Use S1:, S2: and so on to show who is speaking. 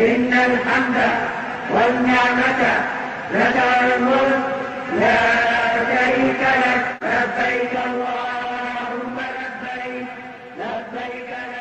S1: إن الحمد والنعمة لك والملك لا شريك لك لبيك الله